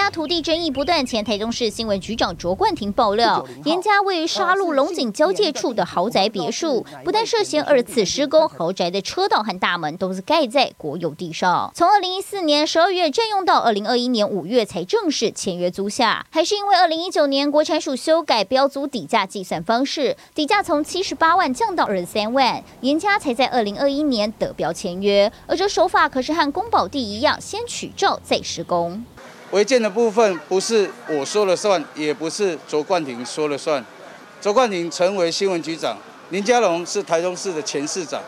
家土地爭議不斷，前台中市新聞局長卓冠廷爆料，顏號家位於沙鹿龍井交界處的豪宅別墅，不但涉嫌二次施工，豪宅的車道和大門都是蓋在國有地上。從二零一四年十二月占用到二零二一年五月才正式簽約租下，還是因為二零一九年國產署修改標租底價計算方式，底價從七十八萬降到二十三萬，顏家才在二零二一年得標簽約。而這手法可是和宮保第一樣，先取照再施工。違建的部分不是我說了算，也不是卓冠廷說了算。卓冠廷成為新聞局長，林佳龍是台中市的前市長，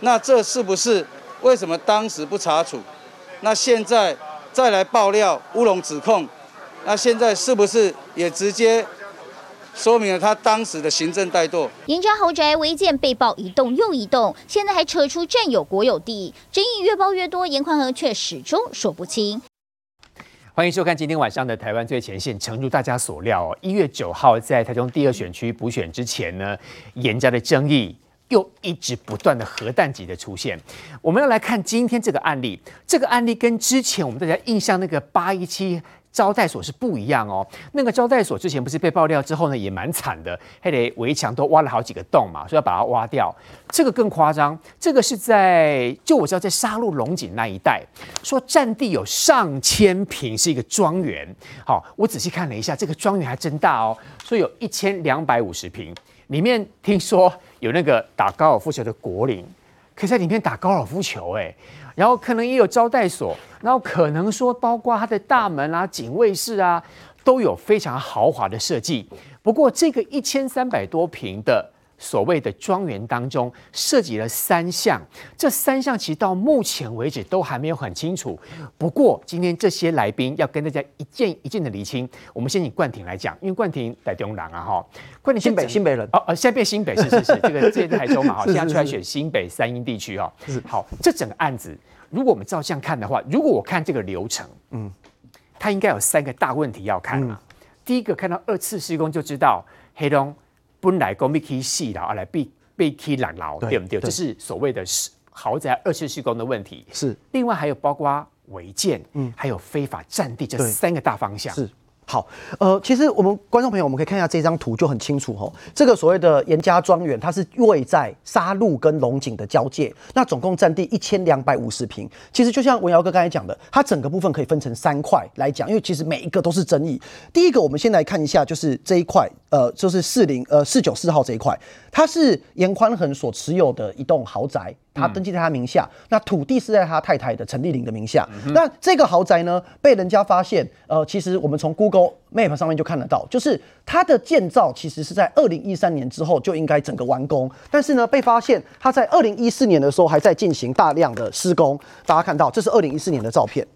那這是不是為什麼當時不查處？那現在再來爆料烏龍指控，那現在是不是也直接說明了他當時的行政怠惰？顏家豪宅違建被爆一棟又一棟，現在還扯出占有國有地，爭議越爆越多，顏寬恆卻始終說不清。歡迎收看今天晚上的《台灣最前線》。誠如大家所料，一月九號在台中第二選區補選之前呢，顏家的爭議又一直不斷的核彈級的出現。我們要來看今天這個案例，這個案例跟之前我們大家印象那個八一七。招待所是不一樣哦，那個招待所之前不是被爆料之後呢，也蠻慘的，它的圍牆都挖了好幾個洞嘛，所以要把它挖掉。這個更誇張，這個是在就我知道在沙鹿龍井那一帶，說佔地有上千坪，是一個莊園。好，我仔細看了一下，這個莊園還真大哦，所以有一千兩百五十坪，裡面聽說有那個打高爾夫球的果嶺，可以在裡面打高爾夫球哎。然後可能也有招待所，然後可能說包括它的大門啊、警衛室啊，都有非常豪華的設計。不過這個一千三百多平的。所謂的莊園當中涉及了三項，這三項其實到目前為止都還沒有很清楚。不過今天這些來賓要跟大家一件一件的釐清。我們先以冠廷來講，因為冠廷在中南啊哈，冠廷新北新北人哦，哦，現在變新北，是是是， 這個在台中嘛哈，現在出來選新北三鶯地區哈。是，是，是好，這整個案子如果我們照這樣看的話，如果我看這個流程，嗯，它應該有三個大問題要看啊。嗯、第一個看到二次施工就知道黑本來該密起四樓，而來被被起爛樓，對，對不對？對，這是所謂的豪宅二次施工的問題。是，另外還有包括違建，嗯，還有非法占地，嗯、這三個大方向是。好，呃，其實我們觀眾朋友，我們可以看一下這張圖，就很清楚吼，哦，這個所謂的顏家莊園，它是位在沙鹿跟龍井的交界，那總共占地一千兩百五十平。其實就像文堯哥剛才講的，它整個部分可以分成三塊來講，因為其實每一個都是爭議。第一個，我們先來看一下，就是這一塊，呃，就是四零呃四九四號這一塊，它是顏寬恆所持有的一棟豪宅。嗯、他登記在他名下，那土地是在他太太的陳麗玲的名下。嗯、哼那這個豪宅呢，被人家發現，呃，其實我們從 Google Map 上面就看得到，就是它的建造其實是在二零一三年之後就應該整個完工，但是呢，被發現它在二零一四年的時候還在進行大量的施工。大家看到，這是二零一四年的照片。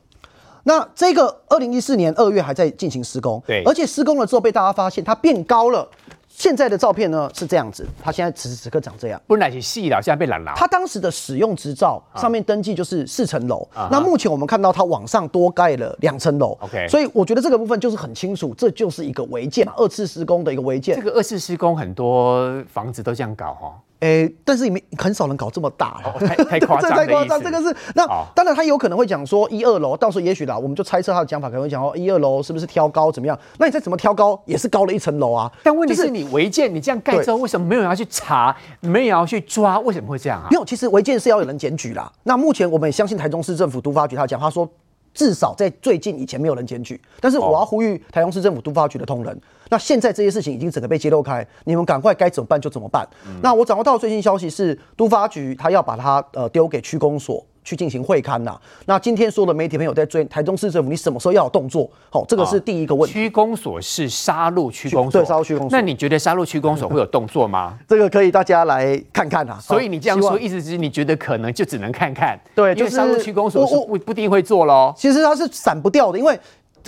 那這個二零一四年二月還在進行施工，對，而且施工了之後被大家發現它變高了。現在的照片呢，是這樣子，它現在此時此刻長這樣。本來是四樓，現在變兩樓。它當時的使用執照上面登記就是四層樓，那目前我們看到它往上多蓋了兩層樓。OK，所以我覺得這個部分就是很清楚，這就是一個違建嘛，二次施工的一個違建。這個二次施工很多房子都這樣搞哈。哎、欸，但是你們很少人搞這麼大，哦，太誇張，太誇張， 這個是那，哦、當然他有可能會講說一二樓，到時候也許啦，我們就猜測他的講法，可能會講哦一二樓是不是挑高怎麼樣？那你再怎麼挑高也是高了一層樓啊。但問題是，是你違建，你這樣蓋之後，對為什麼沒有人要去查，沒有人要去抓？為什麼會這樣啊？沒有，其實違建是要有人檢舉啦。 那目前我們也相信台中市政府都發局他講，他說。至少在最近以前沒有人檢舉，但是我要呼籲台中市政府都發局的同仁，哦、那現在這些事情已經整個被揭露開，你們趕快該怎麼辦就怎麼辦。嗯、那我掌握到最新消息是，都發局他要把它呃丟給區公所。去進行會勘，啊。吶。那今天所有的媒體朋友在追台中市政府，你什麼時候要有動作？好，哦，這個是第一個問題。區公所是沙鹿區公所，對，沙鹿區公所。那你覺得沙鹿區公所會有動作嗎？ 這個可以大家來看看吶，啊。所以你這樣說，望意思是你覺得可能就只能看看？對，就沙，是，鹿區公所，是我我不一定會做嘍。其實它是閃不掉的，因為。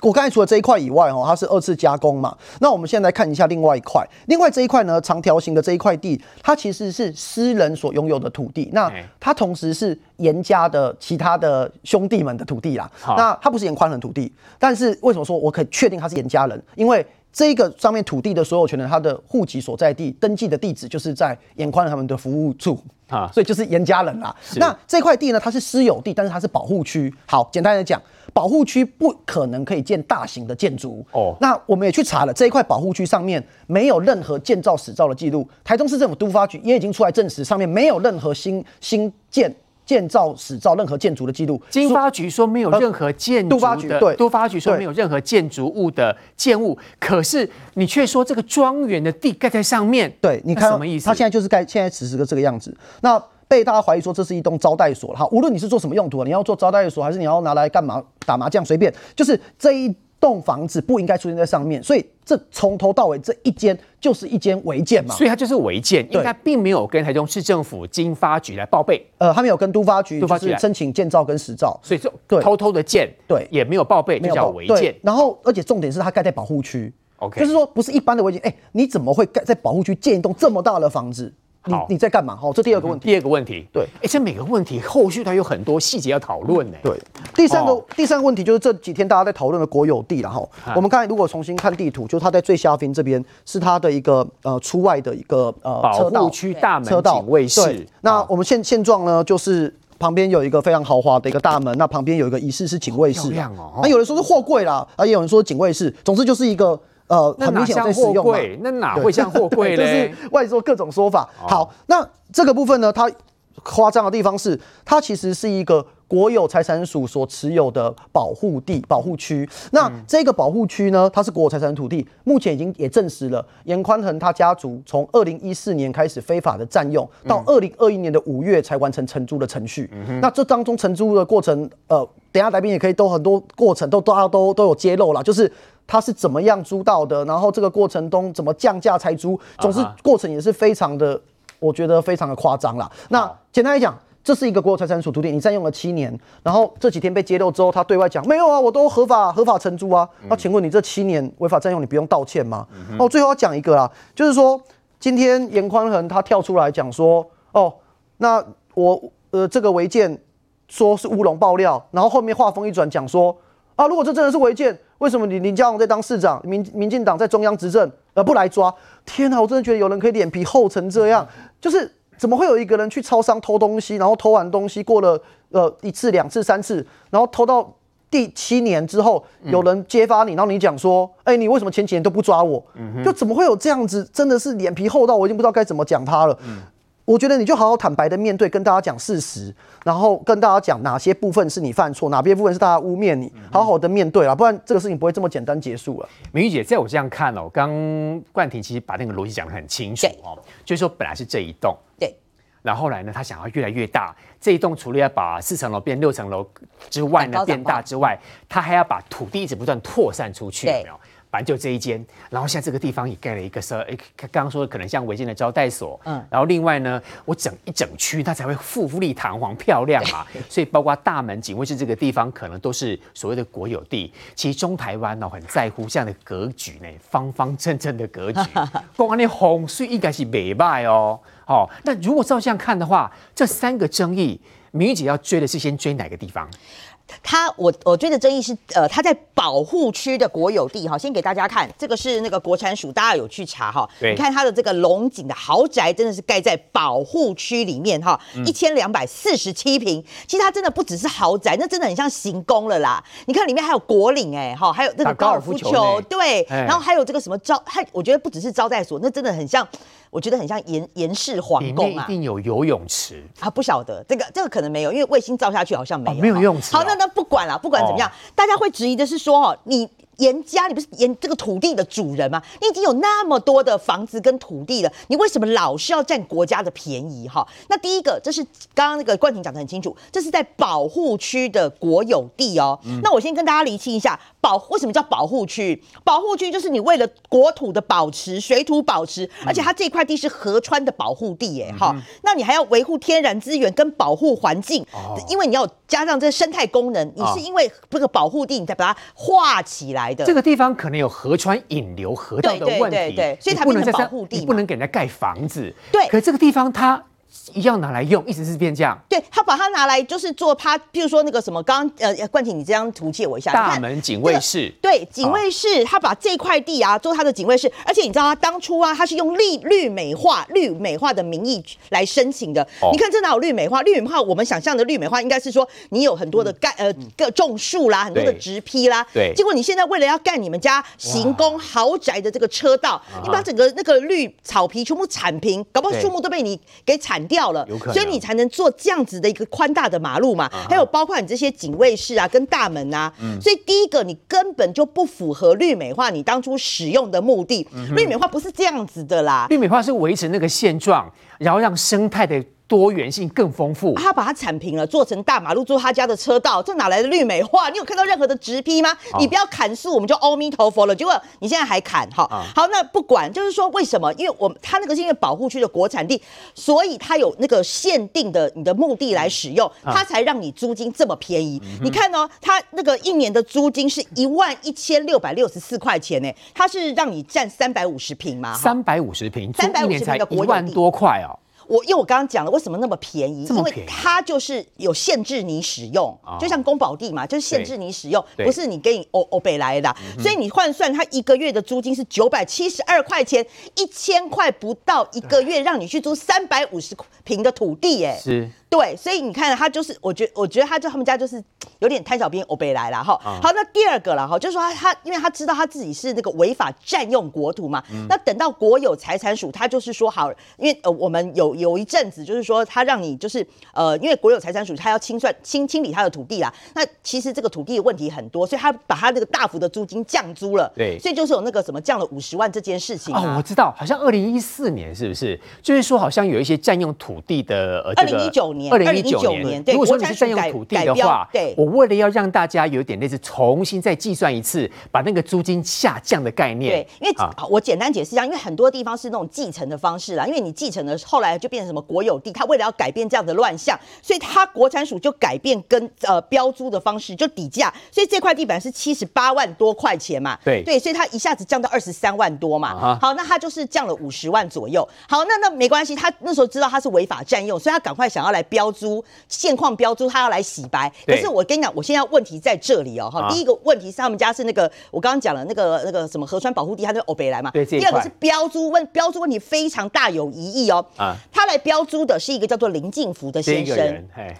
我剛才除了這一塊以外，哦，它是二次加工嘛。那我們現在來看一下另外一塊，另外這一塊呢，長條形的這一塊地，它其實是私人所擁有的土地。那它同時是顏家的其他的兄弟們的土地啦。那它不是顏寬恆的土地，但是為什麼說我可以確定它是顏家人？因為這個上面土地的所有權人，他的戶籍所在地登記的地址就是在顏寬恆他們的服務處。啊，所以就是嚴家人啦、啊。是那這塊地呢，它是私有地，但是它是保護區。好，簡單的講，保護區不可能可以建大型的建築。哦，那我們也去查了，這一塊保護區上面沒有任何建造使照的記錄。台中市政府都發局也已經出來證實，上面沒有任何新新建。建造史造任何建築的記錄，金發局說沒有任何建築，對，都發局說沒有任何建築物的建物，可是你卻說這個莊園的地蓋在上面對，對，你看什麼意思？他現在就是蓋，現在此時的這個樣子。那被大家懷疑說這是一棟招待所哈，無論你是做什麼用途啊，你要做招待所，還是你要拿來幹嘛打麻將，隨便，就是這一。棟房子不應該出現在上面，所以這從頭到尾這一間就是一間違建嘛，所以它就是違建，應該並沒有跟台中市政府經發局來報備。呃，他沒有跟都發局申請建造跟實照，對 所以這偷偷的建，對，對 也沒有報備，就叫違建。然後，而且重點是它蓋在保護區，OK，就是說不是一般的違建，哎，你怎麼會蓋在保護區建一棟這麼大的房子？你你在幹嘛？哈好，這第二個問題。嗯、第二個問題，對。而、欸、這每個問題後續它有很多細節要討論呢。對，第三個、哦、第三個問題就是這幾天大家在討論的國有地了哈。哦、我們剛才如果重新看地圖，就它在最下方這邊是它的一個呃出外的一個呃保護區大門對車道對、哦、那我們現現狀呢，就是旁邊有一個非常豪華的一個大門，那旁邊有一個儀式是警衛室，那、哦哦啊、有人說是貨櫃啦，啊，也有人說是警衛室，總之就是一個。呃，那哪像貨櫃很明顯在使用，那哪會像貨櫃對 就是外說各種說法。哦、好，那這個部分呢，它誇張的地方是，它其實是一個國有財產署所持有的保護地保護區。那這個保護區呢，它是國有財產土地，嗯、目前已經也證實了顏寬、嗯、恆他家族從二零一四年開始非法的占用，到二零二一年的五月才完成承租的程序。嗯、哼那這當中承租的過程，呃，等下來賓也可以都很多過程都大家都都，都有揭露啦就是。他是怎麼樣租到的？然後這個過程中怎麼降價才租，總之過程也是非常的，uh huh. 我覺得非常的誇張啦。Uh huh. 那簡單來講，這是一個國有財產署土地，你佔用了七年，然後這幾天被揭露之後，他對外講沒有啊，我都合法合法承租啊。那、mm hmm. 啊、請問你這七年違法佔用，你不用道歉嗎？Mm hmm. 哦，最後要講一個啦，就是說今天顏寬恆他跳出來講說，哦，那我呃這個違建說是烏龍爆料，然後後面話鋒一轉講說，啊！如果這真的是違建，為什麼林林佳龍在當市長，民民進黨在中央執政，呃，不來抓？天啊！我真的覺得有人可以臉皮厚成這樣，嗯、哼就是怎麼會有一個人去超商偷東西，然後偷完東西過了呃一次、兩次、三次，然後偷到第七年之後有人揭發你，然後你講說，哎、嗯欸，你為什麼前幾年都不抓我？嗯、哼就怎麼會有這樣子？真的是臉皮厚到我已經不知道該怎麼講他了。嗯我覺得你就好好坦白的面對，跟大家講事實，然後跟大家講哪些部分是你犯錯，哪些部分是大家污衊你，嗯、哼好好的面對了，不然這個事情不會這麼簡單結束了。明玉姐，在我這樣看哦，剛冠廷其實把那個邏輯講得很清楚哦，對就是說本來是這一棟，對，然後後來呢，他想要越來越大，這一棟除了要把四層樓變六層樓之外呢、嗯、變大之外，他還要把土地一直不斷擴散出去，對有反正就這一間，然後現在這個地方也蓋了一個說，剛剛說的可能像違建的招待所，嗯，然後另外呢，我整一整區，它才會富富麗堂皇、漂亮嘛、啊。所以包括大門、警衛室這個地方，可能都是所謂的國有地。其實中台灣哦，很在乎這樣的格局呢，方方正正的格局。公安的風水應該是美敗哦。好、哦，那如果照這樣看的話，這三個爭議，明玉姐要追的是先追哪個地方？它我我覺得爭議是，呃，它在保護區的國有地哈，先給大家看，這個是那個國產署，大家有去查哈，對，你看它的這個龍井的豪宅，真的是蓋在保護區裡面哈，一千兩百四十七坪，嗯、其實它真的不只是豪宅，那真的很像行宮了啦，你看裡面還有果嶺哎，哈，還有那個高爾夫球，夫球對，欸、然後還有這個什麼招，還我覺得不只是招待所，那真的很像。我覺得很像顏顏氏皇宮啊！一定有游泳池啊！不曉得這個這個可能沒有，因為衛星照下去好像沒有，啊、沒有游泳池。啊、好，那那不管了、啊，不管怎麼樣，哦、大家會質疑的是說哦，你。顏家，你不是顏這個土地的主人嗎？你已經有那麼多的房子跟土地了，你為什麼老是要占國家的便宜？哈，那第一個，這是剛剛那個冠廷講得很清楚，這是在保護區的國有地哦。那我先跟大家釐清一下，保為什麼叫保護區？保護區就是你為了國土的保持、水土保持，而且它這塊地是河川的保護地，耶。哈，那你還要維護天然資源跟保護環境，因為你要。加上這生態功能，你是因為這個保護地，你才把它劃起來的，哦。這個地方可能有河川引流、河道的問題，所以它不能在它保護地，你不能給人家蓋房子。對，可這個地方它。一樣拿來用，一直是變這樣。對，他把它拿來就是做他，譬如說那個什麼，剛剛呃、冠廷，你這張圖借我一下。大門警衛室、這個。對，警衛室，哦、他把這塊地啊做他的警衛室，而且你知道他當初啊，他是用綠綠美化、綠美化的名義來申請的。哦、你看這哪有綠美化？綠美化，我們想象的綠美化應該是說你有很多的干、嗯、呃各種樹啦，很多的植批啦。對。結果你現在為了要幹你們家行宮豪宅的這個車道，哇你把整個那個綠草皮全部鏟平，啊、搞不好樹木都被你給鏟掉。到了，嗯、所以你才能做這樣子的一個寬大的馬路嘛，還有包括你這些警衛室啊、跟大門啊，所以第一個你根本就不符合綠美化你當初使用的目的，綠美化不是這樣子的啦，綠美化是維持那個現狀，然後讓生態的。多元性更豐富、啊，他把它鏟平了，做成大馬路，做他家的車道，這哪來的綠美化？你有看到任何的直批嗎？Oh. 你不要砍樹，我們就阿彌陀佛了。結果你現在還砍，哦 oh. 好，那不管，就是說為什麼？因為我他那個是因為保護區的國產地，所以它有那個限定的你的目的來使用，oh. 它才讓你租金這麼便宜。嗯、哼你看哦，它那個一年的租金是一萬一千六百六十四塊錢呢，它是讓你占三百五十平嗎三百五十平，三百五十平一年才一萬多塊哦。我因為我剛剛講了，為什麼那麼便宜？便宜因為它就是有限制你使用，哦、就像公保地嘛，就是限制你使用，對不是你給你歐歐北來的，嗯、哼所以你換算它一個月的租金是九百七十二塊錢，一千塊不到一個月讓你去租三百五十平的土地、欸，哎，是。對，所以你看他就是，我覺我覺得他就他們家就是有點貪小便宜歐北來了哈。嗯、好，那第二個了哈，就是說他他，因為他知道他自己是那個違法占用國土嘛。嗯、那等到國有財產署，他就是說好，因為呃我們有有一陣子就是說他讓你就是呃，因為國有財產署他要清算清清理他的土地啦。那其實這個土地的問題很多，所以他把他那個大幅的租金降租了。對，所以就是有那個什麼降了五十萬這件事情、啊、哦，我知道，好像二零一四年是不是？就是說好像有一些占用土地的呃二零一九。2019二零一九年，年對如果說你是占用土地的話，對，我為了要讓大家有點類似重新再計算一次，把那個租金下降的概念，對，因為、啊、我簡單解釋一下，因為很多地方是那種繼承的方式啦，因為你繼承的後來就變成什麼國有地，他為了要改變這樣的亂象，所以他國產署就改變跟呃標租的方式，就底價，所以這塊地板是七十八萬多塊錢嘛，對，對，所以它一下子降到二十三萬多嘛，啊、哈好，那它就是降了五十萬左右，好，那那沒關係，他那時候知道他是違法占用，所以他趕快想要來。標租，現況標租，他要來洗白。對可是我跟你講，我現在問題在這裡哦，哈、啊。第一個問題是他們家是那個我剛剛講了那個那個什麼河川保護地，他在那個歐北來嘛。第二個是標租，問標租問題非常大，有疑義哦。啊、他來標租的是一個叫做林敬福的先生。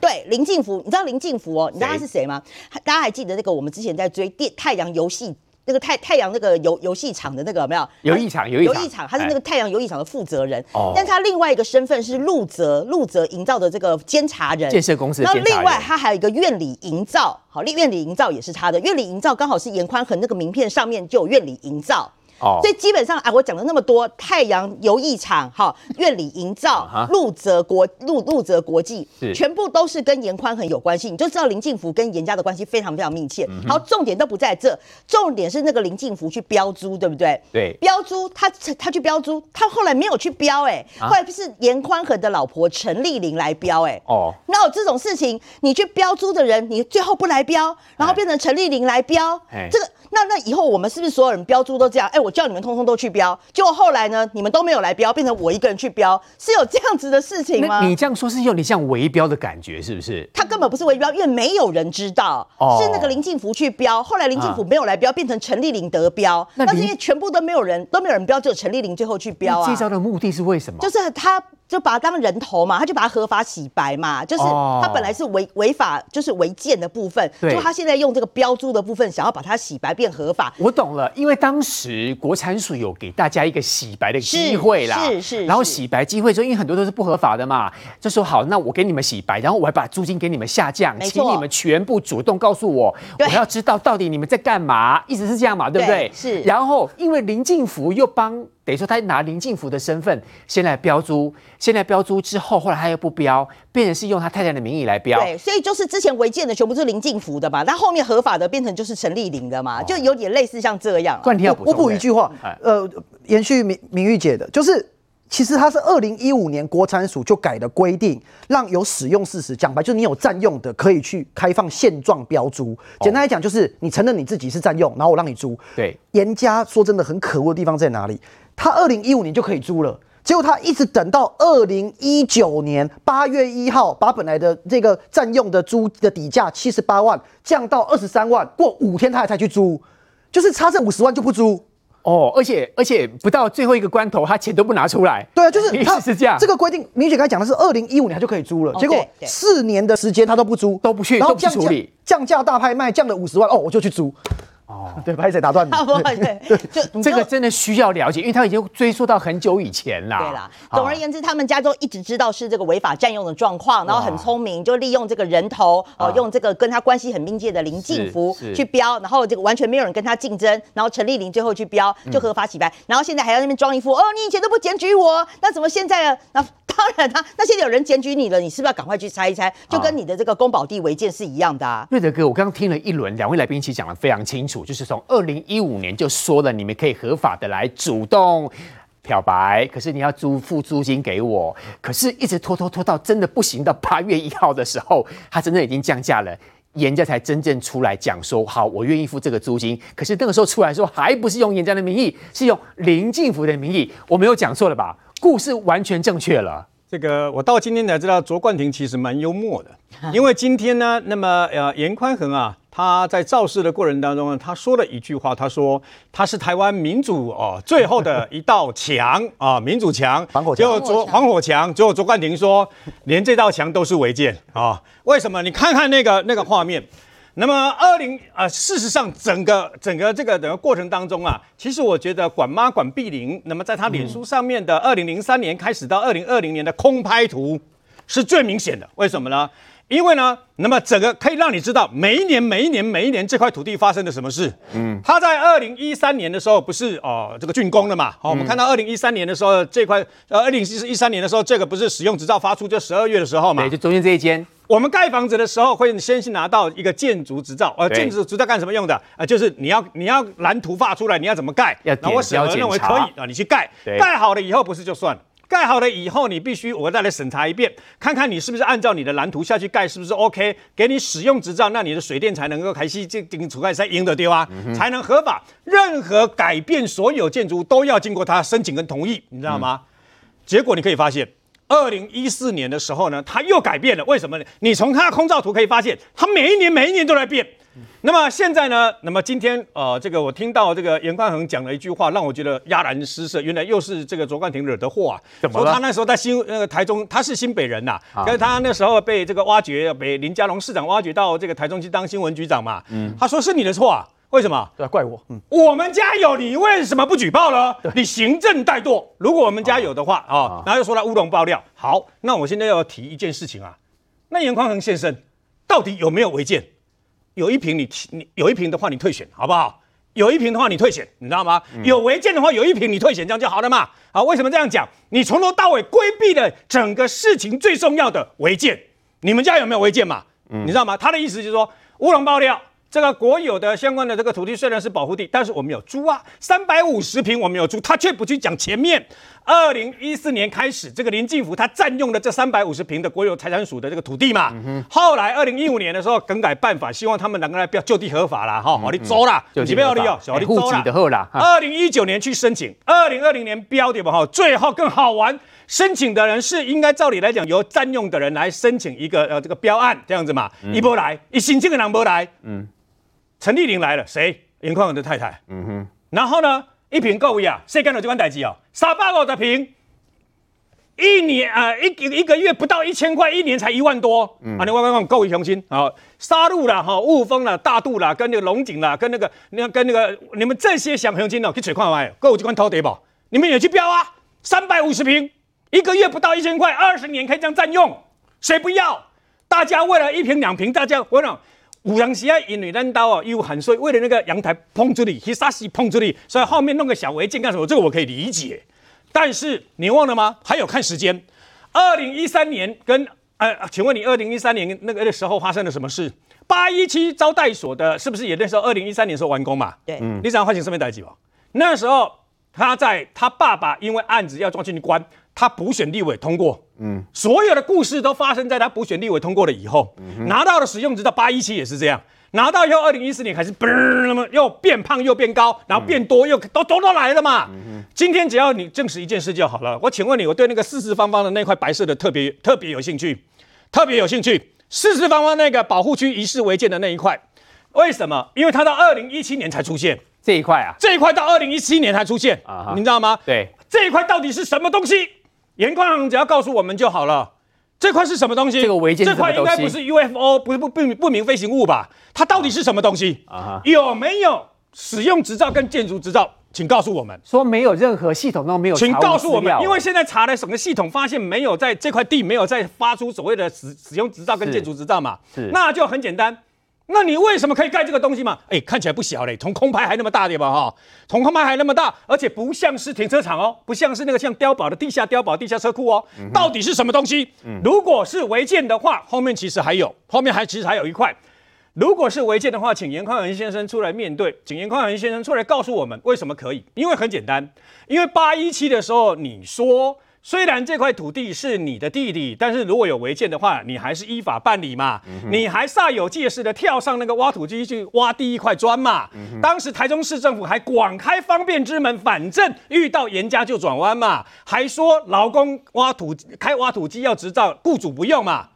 對，林敬福，你知道林敬福哦？你知道他是誰嗎？誰大家還記得那個我們之前在追電太陽遊戲？那個太太陽那個游遊戲場的那個有沒有遊藝場遊藝場？他是那個太陽遊藝場的負責人。欸、但他另外一個身份是陸澤陸澤營造的這個監察人建設公司。那另外他還有一個院裡營造，好，院裡營造也是他的院裡營造，剛好是顏寬恆那個名片上面就有院裡營造。哦，oh. 所以基本上啊，我講了那麼多，太陽遊藝場、哈、哦、院里營造、uh huh. 陸澤國、陸陸澤國際，是全部都是跟顏寬恆有關係，你就知道林靜福跟嚴家的關係非常非常密切。好、uh，huh. 然後重點都不在這，重點是那個林靜福去標租，對不對？對，標租他他去標租，他後來沒有去標誒，哎、uh，huh. 後來是顏寬恆的老婆陳麗玲來標誒，哎，哦，那有這種事情，你去標租的人，你最後不來標，然後變成陳麗玲來標，哎，Hey. Hey. 這個。那那以後我們是不是所有人標注都這樣？哎、欸，我叫你們通通都去標，結果後來呢，你們都沒有來標，變成我一個人去標，是有這樣子的事情嗎？你這樣說是有點像圍標的感覺，是不是？他根本不是圍標，因為沒有人知道，哦、是那個林靖福去標，後來林靖福沒有來標，啊、變成陳麗玲得標。那林是因為全部都沒有人都沒有人標，只有陳麗玲最後去標啊。這招的目的是為什麼？就是他。就把它當人頭嘛，他就把它合法洗白嘛，就是他本來是違違、oh. 法，就是違建的部分，對就他現在用這個標注的部分，想要把它洗白變合法。我懂了，因為當時國產署有給大家一個洗白的機會啦，是是，是是，然後洗白機會就因為很多都是不合法的嘛，就說好，那我給你們洗白，然後我還把租金給你們下降，沒錯請你們全部主動告訴我，對我要知道到底你們在幹嘛，一直是這樣嘛，對不對？對是。然後因為林靜福又幫。等於說他拿林敬福的身份先來標租，先來標租之後，後來他又不標，變成是用他太太的名義來標。對，所以就是之前違建的全部是林敬福的嘛，但後面合法的變成就是陳麗玲的嘛，哦、就有點類似像這樣、啊，冠廷我。我我補一句話，嗯、呃，延續明玉姐的，就是其實他是二零一五年國產署就改了規定，讓有使用事實，講白就是、你有占用的可以去開放現狀標租。哦、簡單來講就是你承認你自己是占用，嗯、然後我讓你租。對，顏家說真的，很可惡的地方在哪裡？他二零一五年就可以租了，結果他一直等到二零一九年八月一號，把本來的這個占用的租的底價七十八萬降到二十三萬，過五天他才去租，就是差這五十萬就不租哦，而且而且不到最後一個關頭，他錢都不拿出來。對啊，就是你看，你是這樣，這個規定，明顯剛才講的是二零一五年他就可以租了，結果四年的時間他都不租，都不去，都不處理降，降價大拍賣，降了五十萬哦，我就去租。哦，對，不好意思，打斷了。啊不，對，就這個真的需要了解，因為他已經追溯到很久以前了。對啦，總而言之，他們家中一直知道是這個違法占用的狀況，然後很聰明，就利用這個人頭哦，用這個跟他關係很密切的林進福去標，然後這個完全沒有人跟他競爭，然後陳麗玲最後去標就合法洗白，然後現在還在那邊裝一副哦，你以前都不檢舉我，那怎麼現在呢那。當然啦，那現在有人檢舉你了，你是不是要趕快去猜一猜？就跟你的這個公保地違建是一樣的啊，啊。瑞德哥，我剛剛聽了一輪，兩位來賓其實講得非常清楚，就是從二零一五年就說了，你們可以合法的來主動漂白，可是你要租付租金給我，可是一直拖拖拖到真的不行，到八月一號的時候，他真的已經降價了，嚴家才真正出來講說，好，我願意付這個租金，可是那個時候出來說，還不是用嚴家的名義，是用林敬福的名義，我沒有講錯了吧？故事完全正確了。這個我到今天才知道，卓冠廷其實蠻幽默的。因為今天呢，那麼呃，顏寬恆啊，他在造勢的過程當中呢，他說了一句話，他說他是台灣民主哦最後的一道牆啊，民主牆，防火牆。就卓防火牆，就卓冠廷說，連這道牆都是違建啊？為什麼？你看看那個那個畫面。那麼，二零啊，事實上，整個整個這個整個過程當中啊，其實我覺得管媽管碧玲，那麼在她臉書上面的二零零三年開始到二零二零年的空拍圖是最明顯的，為什麼呢？因為呢，那麼整個可以讓你知道每一年、每一年、每一年這塊土地發生了什麼事。嗯，它在二零一三年的時候不是哦、呃、這個竣工了嘛？好、嗯哦，我們看到二零一三年的時候，這塊呃，二零一三年的時候，這個不是使用執照發出就十二月的時候嘛？對，就中間這一間。我們蓋房子的時候會先去拿到一個建築執照，呃，對建築執照幹什麼用的？呃，就是你要你要藍圖發出來，你要怎麼蓋？要點。那我小的認為可以啊，你去蓋，對蓋好了以後不是就算了。蓋好了以後，你必須我再來審查一遍，看看你是不是按照你的藍圖下去蓋，是不是 OK？給你使用執照，那你的水電才能夠開這進個出蓋，塞贏的對吧？嗯、哼才能合法。任何改變，所有建築都要經過他申請跟同意，你知道嗎？嗯、結果你可以發現，二零一四年的時候呢，他又改變了，為什麼呢？你從他的空照圖可以發現，他每一年每一年都在變。那麼現在呢？那麼今天呃，這個我聽到這個顏寬恆講了一句話，讓我覺得啞然失色。原來又是這個卓冠廷惹的禍啊？怎麼了？說他那時候在新那個台中，他是新北人吶、啊，啊、跟他那時候被這個挖掘，被林佳龍市長挖掘到這個台中去當新聞局長嘛。嗯，他說是你的錯啊？為什麼？要怪我？嗯，我們家有你為什麼不舉報呢？對，你行政怠惰。如果我們家有的話啊，啊然後又說他烏龍爆料。好，那我現在要提一件事情啊，那顏寬恆先生到底有沒有違建？有一瓶，你你有一瓶的話你退選好不好？有一瓶的話你退選，你知道嗎？嗯、有違建的話，有一瓶你退選，這樣就好了嘛。好，為什麼這樣講？你從頭到尾規避了整個事情最重要的違建，你們家有沒有違建嘛？嗯、你知道嗎？他的意思就是說烏龍爆料。這個國有的相關的這個土地雖然是保護地，但是我們有租啊，三百五十坪我們有租，他卻不去講前面。二零一四年開始，這個林敬福他占用了這三百五十坪的國有財產署的這個土地嘛，嗯、哼後來二零一五年的時候，更改辦法，希望他們兩個來標就地合法了哈，小弟走了，你備要的哦，小弟走了，二零一九年去申請，二零二零年標的嘛哈，最後更好玩，申請的人是應該照理來講由占用的人來申請一個呃這個標案這樣子嘛，一波、嗯、來，一新進的兩波來，嗯。陳麗玲來了，誰？顏寬恆的太太。嗯哼。然後呢，一坪夠威誰幹了這款代志啊？三百五的坪，一年啊、呃，一一,一,一個月不到一千塊，一年才一萬多。嗯、哼啊，你萬問萬各位鄉親啊！沙鹿了，哈霧峰了，大肚了，跟那個龍井了，跟那個，那跟那個你們這些小鄉親呢，去水礦玩，夠這款淘德寶，你們也去標啊！三百五十坪，一個月不到一千塊，二十年可以這樣占用，誰不要？大家為了一坪兩坪，大家我講。五陽西愛引你單刀啊，又很碎，為了那個陽台控制力，去殺氣碰制力，所以後面弄個小違建幹什麼？這個我可以理解。但是你忘了嗎？還有看時間，二零一三年跟呃，請問你二零一三年那個的時候發生了什麼事？八一七招待所的是不是也那時候二零一三年的時候完工嘛？對 Yeah.，嗯，你想要喚醒身邊埃及部？那時候他在他爸爸因為案子要抓進去關。他補選立委通過，嗯，所有的故事都發生在他補選立委通過了以後，嗯、哼拿到的使用執照，八一七也是這樣，拿到以後二零一四年開始，嘣，那麼又變胖又變高，然後變多又都都都來了嘛。嗯、哼今天只要你證實一件事就好了。我請問你，我對那個四四方方的那塊白色的特別特別有興趣，特別有興趣，四四方方那個保護區一視違建的那一塊，為什麼？因為它到二零一七年才出現這一塊啊，這一塊到二零一七年才出現啊，你知道嗎？對，這一塊到底是什麼東西？顏寬恆只要告訴我們就好了，這塊是什麼東西？這個違建是什麼東西？這塊應該不是 UFO，不不不不明飛行物吧？它到底是什麼東西？Uh huh. 有沒有使用執照跟建築執照？請告訴我們。說沒有任何系統都沒有，請告訴我們，因為現在查的整個系統發現沒有在這塊地沒有在發出所謂的使使用執照跟建築執照嘛？是，是那就很簡單。那你為什麼可以蓋這個東西嘛？哎、欸，看起來不小嘞，從空拍還那麼大對吧？哈，從空拍還那麼大，而且不像是停車場哦，不像是那個像碉堡的地下碉堡、地下車庫哦，嗯、哼到底是什麼東西？嗯、如果是違建的話，後面其實還有，後面還其實還有一塊。如果是違建的話，請顏寬恆先生出來面對，請顏寬恆先生出來告訴我們為什麼可以，因為很簡單，因為八一七的時候你說。雖然這塊土地是你的弟弟，但是如果有違建的話，你還是依法辦理嘛。嗯、哼你還煞有介事的跳上那個挖土機去挖第一塊磚嘛？嗯、哼當時台中市政府還廣開方便之門，反正遇到嚴家就轉彎嘛，還說勞工挖土開挖土機要執照，雇主不用嘛。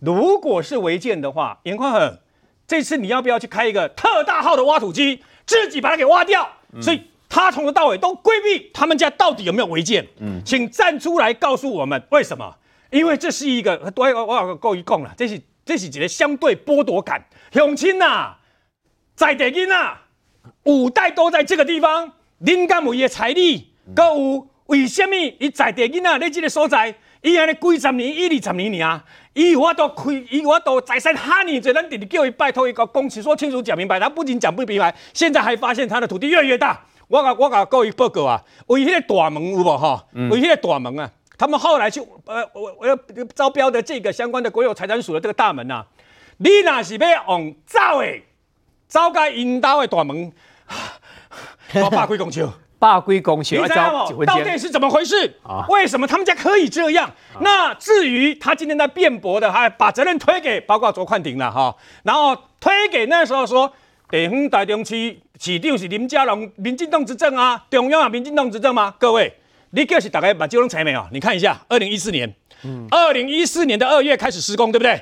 如果是違建的話，顏寬恆，這次你要不要去開一個特大號的挖土機，自己把它給挖掉？所以，嗯他從頭到尾都規避，他們家到底有沒有違建？嗯，請站出來告訴我們為什麼？因為這是一個對我我夠一供了，這是這是一個相對剝奪感。鄉親吶，在地囡啊，五代都在這個地方，林甘偉的財力，擱有為什麼？伊在地囡啊，咧這個所在，伊安尼幾十年，伊二十年啊，伊我都開，伊我都財產哈尼，這能地你給我叫他拜托一個公司說清楚講明白。他不僅講不明白，現在還發現他的土地越來越大。我講我講，各位報告啊，為迄個大門有無哈？為迄、嗯、大門啊，他們後來就呃，我我要招標的這個相關的國有財產署的這個大門啊，你那是要用走的，招該引導的大門，我百規公車， 百規公車要、啊、到底是怎麼回事？啊、為什麼他們家可以這樣？啊、那至於他今天在辯駁的，還把責任推給包括卓冠廷了、啊、哈、哦，然後推給那時候說。台灣台中市市長是林佳龍、民進黨執政啊，中央民進黨啊民進黨執政嗎？各位，你這是大家蠻注重傳媒有？你看一下，二零一四年，二零一四年的二月開始施工，對不對？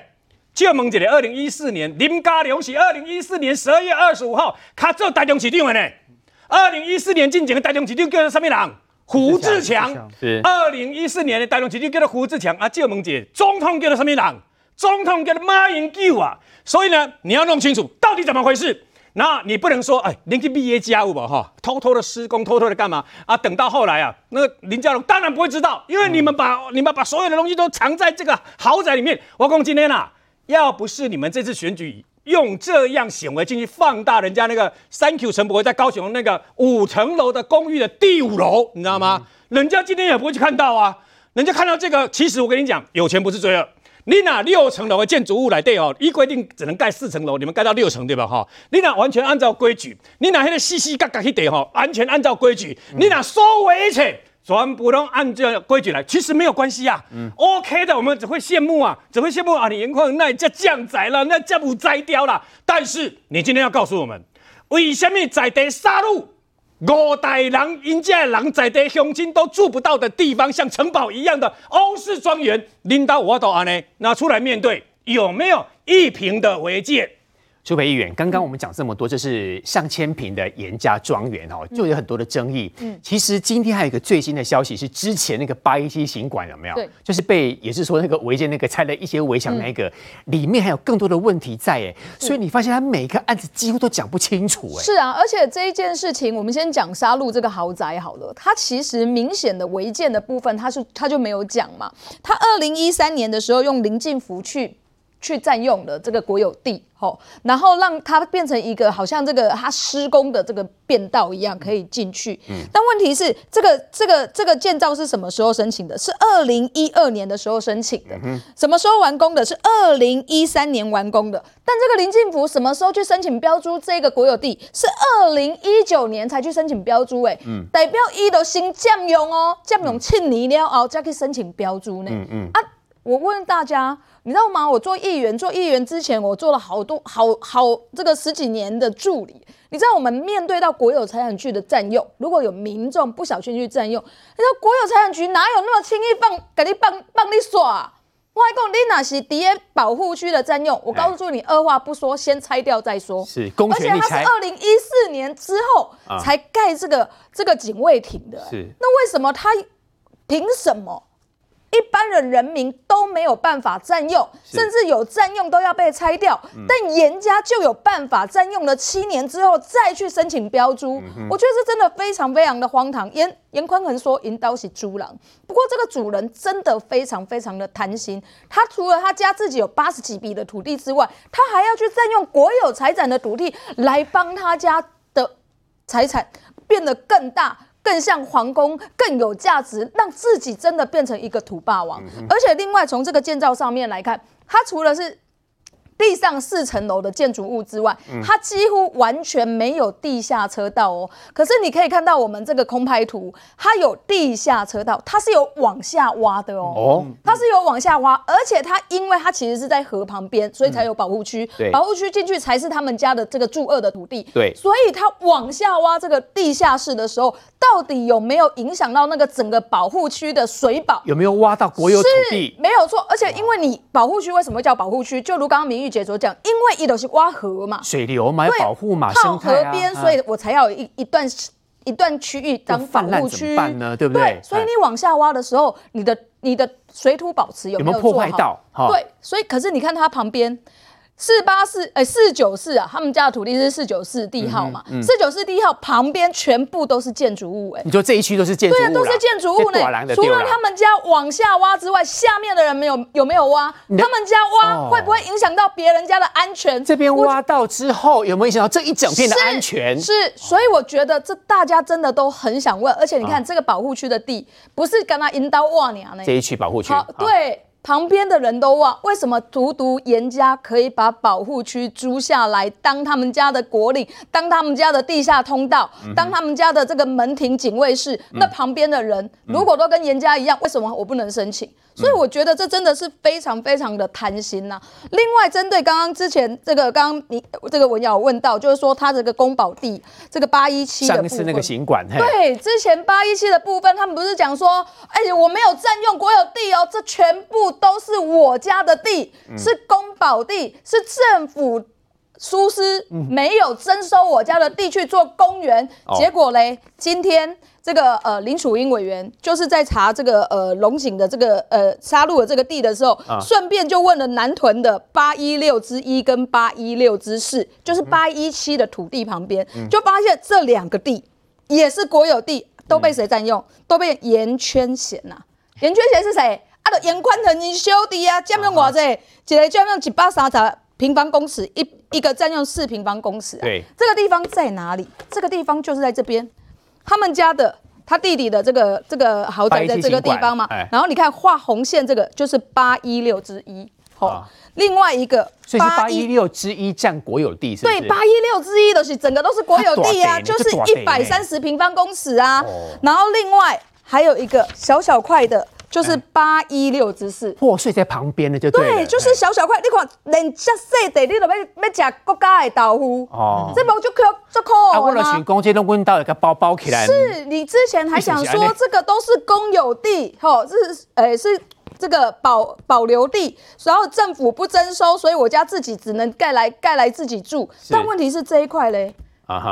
請問一下的二零一四年，林佳龍是二零一四年十二月二十五號，他做台中市長的。呢。二零一四年進前的台中市長叫做什麼人？胡志強。二零一四年的台中市長叫做胡志強啊，請問一下總統叫做什麼人？總統叫做馬英九啊。所以呢，你要弄清楚到底怎麼回事。那你不能說哎，林去畢業家務吧哈偷偷的施工，偷偷的幹嘛啊？等到後來啊，那個林佳龍當然不會知道，因為你們把、嗯、你們把所有的東西都藏在這個豪宅裡面。我講今天啊，要不是你們這次選舉用這樣顯微鏡去放大人家那個 3Q 陳柏惟在高雄那個五層樓的公寓的第五樓，你知道嗎？嗯、人家今天也不會去看到啊。人家看到這個，其實我跟你講，有錢不是罪惡。你拿六層樓的建築物來對哦，依規定只能蓋四層樓，你們蓋到六層對吧？哈，你拿完全按照規矩，你拿那些稀稀嘎嘎去對哈，完全按照規矩，嗯、你拿收尾一切全部都按照規矩來，其實沒有關係啊。嗯，OK 的，我們只會羨慕啊，只會羨慕啊，你贏過那家降仔了、啊，那家有摘掉了。但是你今天要告訴我們，為什麼在地殺戮？五代狼，人家狼在地鄉親都住不到的地方，像城堡一樣的歐式莊園，領到我都安呢，拿出來面對，有沒有一坪的違建？舒培議員，剛剛我們講這麼多，就是上千坪的嚴家莊園哦，就有很多的爭議。嗯，其實今天還有一個最新的消息，是之前那個八一七行館有沒有？對，就是被也是說那個違建那個拆了一些圍牆那個，嗯、裡面還有更多的問題在誒，所以你發現他每個案子幾乎都講不清楚，嗯。是啊，而且這一件事情，我們先講沙鹿這個豪宅好了，它其實明顯的違建的部分，它是它就沒有講嘛。它二零一三年的時候用林進福去。去佔用了這個國有地，吼，然後讓它變成一個好像這個它施工的這個便道一樣，可以進去。嗯。但問題是，這個這個這個建造是什麼時候申請的？是二零一二年的時候申請的。嗯哼。什麼時候完工的？是二零一三年完工的。但這個林進福什麼時候去申請標租這個國有地？是二零一九年才去申請標租，哎。嗯。代表他就先佔用哦，佔用七年了哦，再去申請標租呢，嗯。嗯嗯。啊，我問大家。你知道嗎？我做議員，做議員之前，我做了好多好好這個十幾年的助理。你知道，我們面對到國有財產局的占用，如果有民眾不小心去占用，你知道國有財產局哪有那麼輕易放給你放放你耍，啊？我還告訴你那是自然保護區的占用，我告訴你，二話不說，先拆掉再說。是，而且他是二零一四年之後才蓋這個，啊、這個警衛亭的，欸。是，那為什麼他憑什麼？一般的人民都沒有辦法占用，是甚至有占用都要被拆掉。嗯、但顏家就有辦法占用了七年之後再去申請標租。嗯、哼我覺得這真的非常非常的荒唐。顏，顏寬恆說：“他都是主人。”不過這個主人真的非常非常的貪心。他除了他家自己有八十幾筆的土地之外，他還要去占用國有財產的土地來幫他家的財產變得更大。更像皇宮，更有價值，讓自己真的變成一個土霸王。嗯哼。而且，另外從這個建造上面來看，它除了是地上四層樓的建築物之外，嗯、它幾乎完全沒有地下車道哦。可是你可以看到我們這個空拍圖，它有地下車道，它是有往下挖的哦。哦，嗯、它是有往下挖，而且它因為它其實是在河旁邊，所以才有保護區，嗯。對，保護區進去才是他們家的這個住二的土地。對，所以它往下挖這個地下室的時候，到底有沒有影響到那個整個保護區的水保？有沒有挖到國有土地？是沒有錯，而且因為你保護區為什麼會叫保護區？就如剛剛明玉解決這樣，因為一都是挖河嘛，水流嘛對要保護嘛，靠河邊，啊、所以我才要一一段一段區域當防護區呢，對不對，對？所以你往下挖的時候，啊、你的你的水土保持有，有，有沒有破壞到？好，對，所以可是你看它旁邊。四八四哎，四九四啊，他們家的土地是四九四地號嘛？四九四地號旁邊全部都是建築物哎、欸。你說這一區都是建築物，欸？對啊，都是建築物呢，欸。了除了他們家往下挖之外，下面的人有沒有有沒有挖？那他們家挖會不會影響到別人家的安全？哦、這邊挖到之後有沒有影響到這一整片的安全是？是，所以我覺得這大家真的都很想問。而且你看、哦、這個保護區的地，不是只有他們家挖而已。這一區保護區，好哦、對。旁邊的人都問：為什麼獨獨顏家可以把保護區租下來，當他們家的果嶺，當他們家的地下通道，當他們家的這個門庭警衛室？嗯、哼那旁邊的人、嗯、如果都跟顏家一樣，為什麼我不能申請？所以我覺得這真的是非常非常的貪心吶、啊。另外，針對剛剛之前這個，剛剛你這個文堯問到，就是說他這個公保地，這個八一七，上次那個行館，對，之前八一七的部分，他們不是講說，哎，我沒有占用國有地哦，這全部都是我家的地，是公保地，是政府疏失，沒有徵收我家的地去做公園，結果嘞，今天。這個呃，林楚茵委員就是在查這個呃龍井的這個呃沙鹿的這個地的時候，順便就問了南屯的八一六之一跟八一六之四，就是八一七的土地旁邊，就發現這兩個地也是國有地，都被誰占用？都被鹽圈嫌吶。鹽圈嫌是誰？啊，的顏寬曾經修的呀。啊、占用偌這一個占用一百三十平方公尺，一一個占用四平方公尺。對，這個地方在哪裡？這個地方就是在這邊。他們家的他弟弟的這個這個豪宅在這個地方嘛，然後你看畫紅線這個就是八一六之一，好，另外一個，八一，所以八一六之一佔國有地是，是？對，八一六之一的，就是整個都是國有地啊，啊就是一百三十平方公尺啊，欸、然後另外還有一個小小塊的。就是八一六之事，破睡在旁邊的就對，就是小小塊，你看人家睡的你都沒要吃國家的豆腐哦。這包就可、啊、就扣我了。為了尋公，這都問到一個包包起來。是你之前還想說，這個都是公有地，吼，是誒，是這個保保留地，然後政府不徵收，所以我家自己只能蓋來蓋來自己住。是 但問題是這一塊嘞，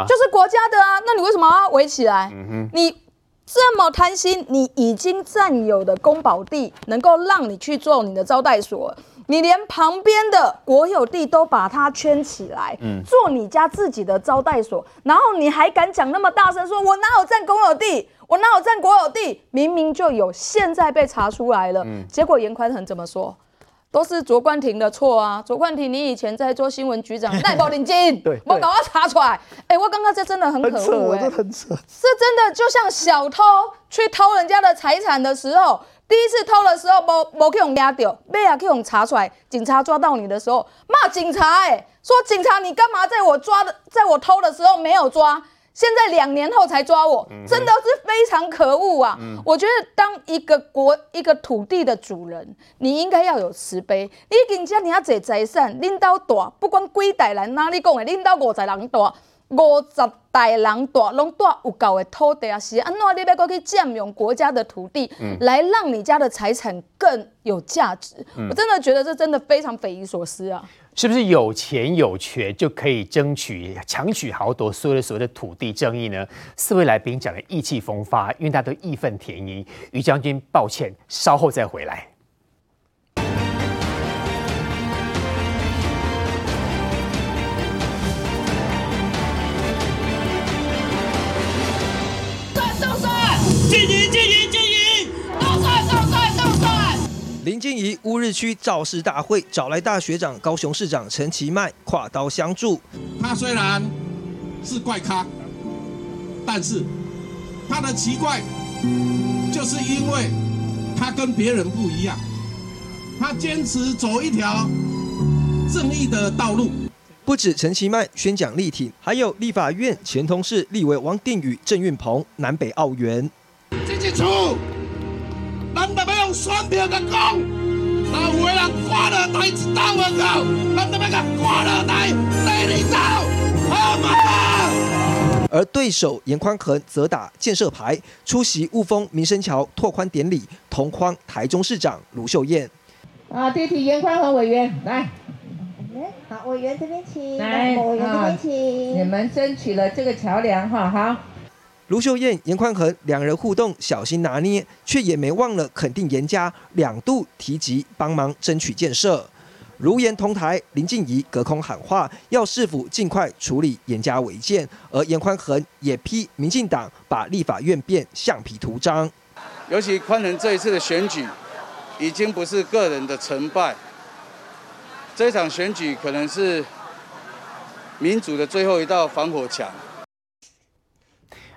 就是國家的啊，那你為什麼要圍起來？嗯、哼 你。這麼貪心，你已經占有的公保地能夠讓你去做你的招待所，你連旁邊的國有地都把它圈起來，做你家自己的招待所，然後你還敢講那麼大聲說，我哪有占公有地，我哪有占國有地，明明就有，現在被查出來了，嗯，結果顏寬恆怎麼說？都是卓冠廷的錯啊！卓冠廷，你以前在做新聞局長，那來報點對，我把我查出來。哎、欸，我剛剛這真的很可惡哎，這很，很是真的，就像小偷去偷人家的財產的時候，第一次偷的時候沒沒被我們抓到，尾啊被查出來，警察抓到你的時候罵警察哎、欸，說警察你幹嘛在我抓的，在我偷的時候沒有抓。現在兩年後才抓我，嗯、哼真的是非常可惡啊！嗯、我覺得當一個國、一個土地的主人，你應該要有慈悲。你已經這麼啊多財產恁家大，不管龜代人，哪裡講的，到我五代人大、五十代人大，攏大有夠的土地。啊！是啊，哪裡白講去占用國家的土地，來讓你家的財產更有價值？嗯、我真的覺得這真的非常匪夷所思啊！是不是有錢有權就可以爭取強取豪奪所有的所謂的土地爭議呢？四位來賓講的意氣風發，因為大家都義憤填膺。於將軍，抱歉，稍後再回來。三、三、三，林靜儀烏日區造勢大會找來大學長高雄市長陳其邁跨刀相助。他雖然是怪咖，但是他的奇怪，就是因為他跟別人不一樣，他堅持走一條正義的道路。不止陳其邁宣講力挺，還有立法院前同事立委王定宇、鄭運鵬、南北奧援。而對手顏寬恆則打建設牌，出席霧峰民生橋拓寬典禮，同框台中市長盧秀燕。啊，代替顏寬恆委員來，好，委員這邊請，來委員這邊請，哦，你們爭取了這個橋樑，哈，好。盧秀燕、嚴寬恆兩人互動，小心拿捏，卻也沒忘了肯定嚴家，兩度提及幫忙爭取建設。盧嚴同台，林靜儀隔空喊話，要市府儘快處理嚴家違建，而嚴寬恆也批民進黨把立法院變橡皮圖章。尤其寬恆這一次的選舉，已經不是個人的成敗，這場選舉可能是民主的最後一道防火牆。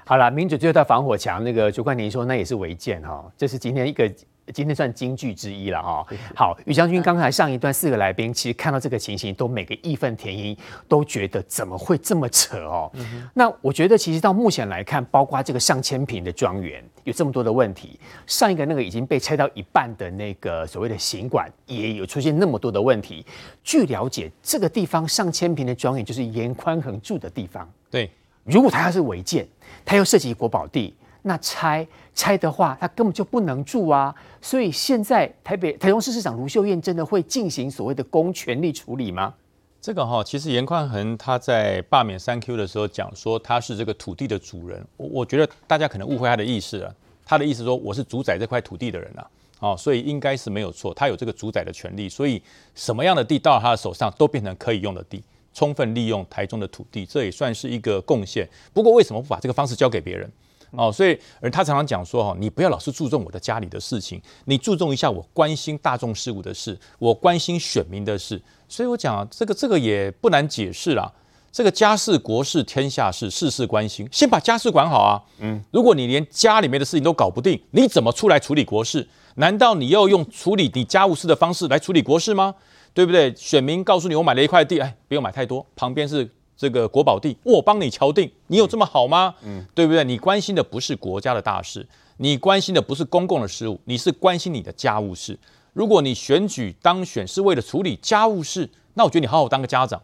好了，民主最後一道防火牆，那個卓冠廷說那也是違建哈，這是今天一個今天算金句之一了哈。好，於將軍剛才上一段四個來賓，其實看到這個情形，都每個義憤填膺，都覺得怎麼會這麼扯哦、喔。嗯、哼 那我覺得其實到目前來看，包括這個上千坪的莊園有這麼多的問題，上一個那個已經被拆到一半的那個所謂的行館，也有出現那麼多的問題。據了解，這個地方上千坪的莊園就是顏寬恆住的地方。對，如果它要是違建。它又涉及國有地，那拆拆的話，它根本就不能住啊。所以現在台北台中市市長盧秀燕真的會進行所謂的公權力處理嗎？這個哈、哦，其實顏寬恆他在罷免三 Q 的時候講說他是這個土地的主人，我我覺得大家可能誤會他的意思了，啊。他的意思說我是主宰這塊土地的人啊，啊、哦，所以應該是沒有錯，他有這個主宰的權利，所以什麼樣的地到他的手上都變成可以用的地。充分利用台中的土地，這也算是一個貢獻。不過，為什麼不把這個方式交給別人？哦，所以，而他常常講說，哈、哦，你不要老是注重我的家裡的事情，你注重一下我關心大眾事務的事，我關心選民的事。所以我講啊，這個這個也不難解釋啦。這個家事、國事、天下事，事事關心，先把家事管好啊。嗯，如果你連家裡面的事情都搞不定，你怎麼出來處理國事？難道你要用處理你家務事的方式來處理國事嗎？對不對？選民告訴你，我買了一塊地，哎，不用買太多，旁邊是這個國寶地，我幫你敲定。你有這麼好嗎？嗯，嗯，對不對？你關心的不是國家的大事，你關心的不是公共的事務，你是關心你的家務事。如果你選舉當選是為了處理家務事，那我覺得你好好當個家長。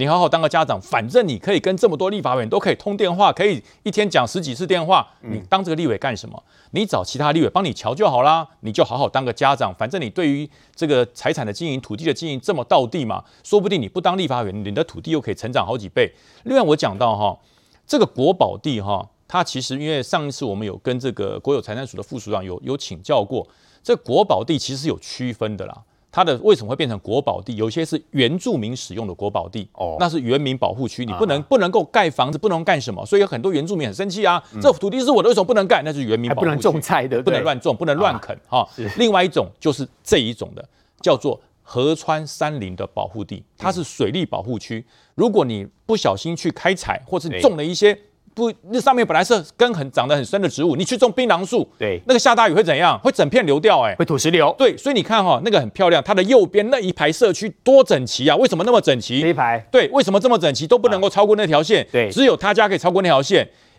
你好好當個家長，反正你可以跟這麼多立法委員都可以通電話，可以一天講十幾次電話。你當這個立委幹什麼？你找其他立委幫你瞧就好啦。你就好好當個家長，反正你對於這個財產的經營、土地的經營這麼到地嘛，說不定你不當立法委員，你的土地又可以成長好幾倍。另外，我講到哈，這個國寶地哈，它其實因為上一次我們有跟這個國有財產署的副署長有有請教過，這個國寶地其實是有區分的啦。它的為什麼會變成國寶地？有些是原住民使用的國寶地，哦、那是原民保護區，啊、你不能不能夠蓋房子，不能幹什麼？所以有很多原住民很生氣啊，嗯、這土地是我的，為什麼不能蓋？那是原民保護區不能種菜的，不能亂種，不能亂墾。哈，另外一種就是這一種的，叫做河川山林的保護地，它是水利保護區。如果你不小心去開採，或是種了一些。欸不，那上面本來是根很長得很深的植物，你去種檳榔樹，對，那個下大雨會怎樣？會整片流掉，哎，會土石流。對，所以你看哈，那個很漂亮，它的右邊那一排社區多整齊啊？為什麼那麼整齊？這一排。對，為什麼這麼整齊？都不能夠超過那條線。對，只有他家可以超過那條線，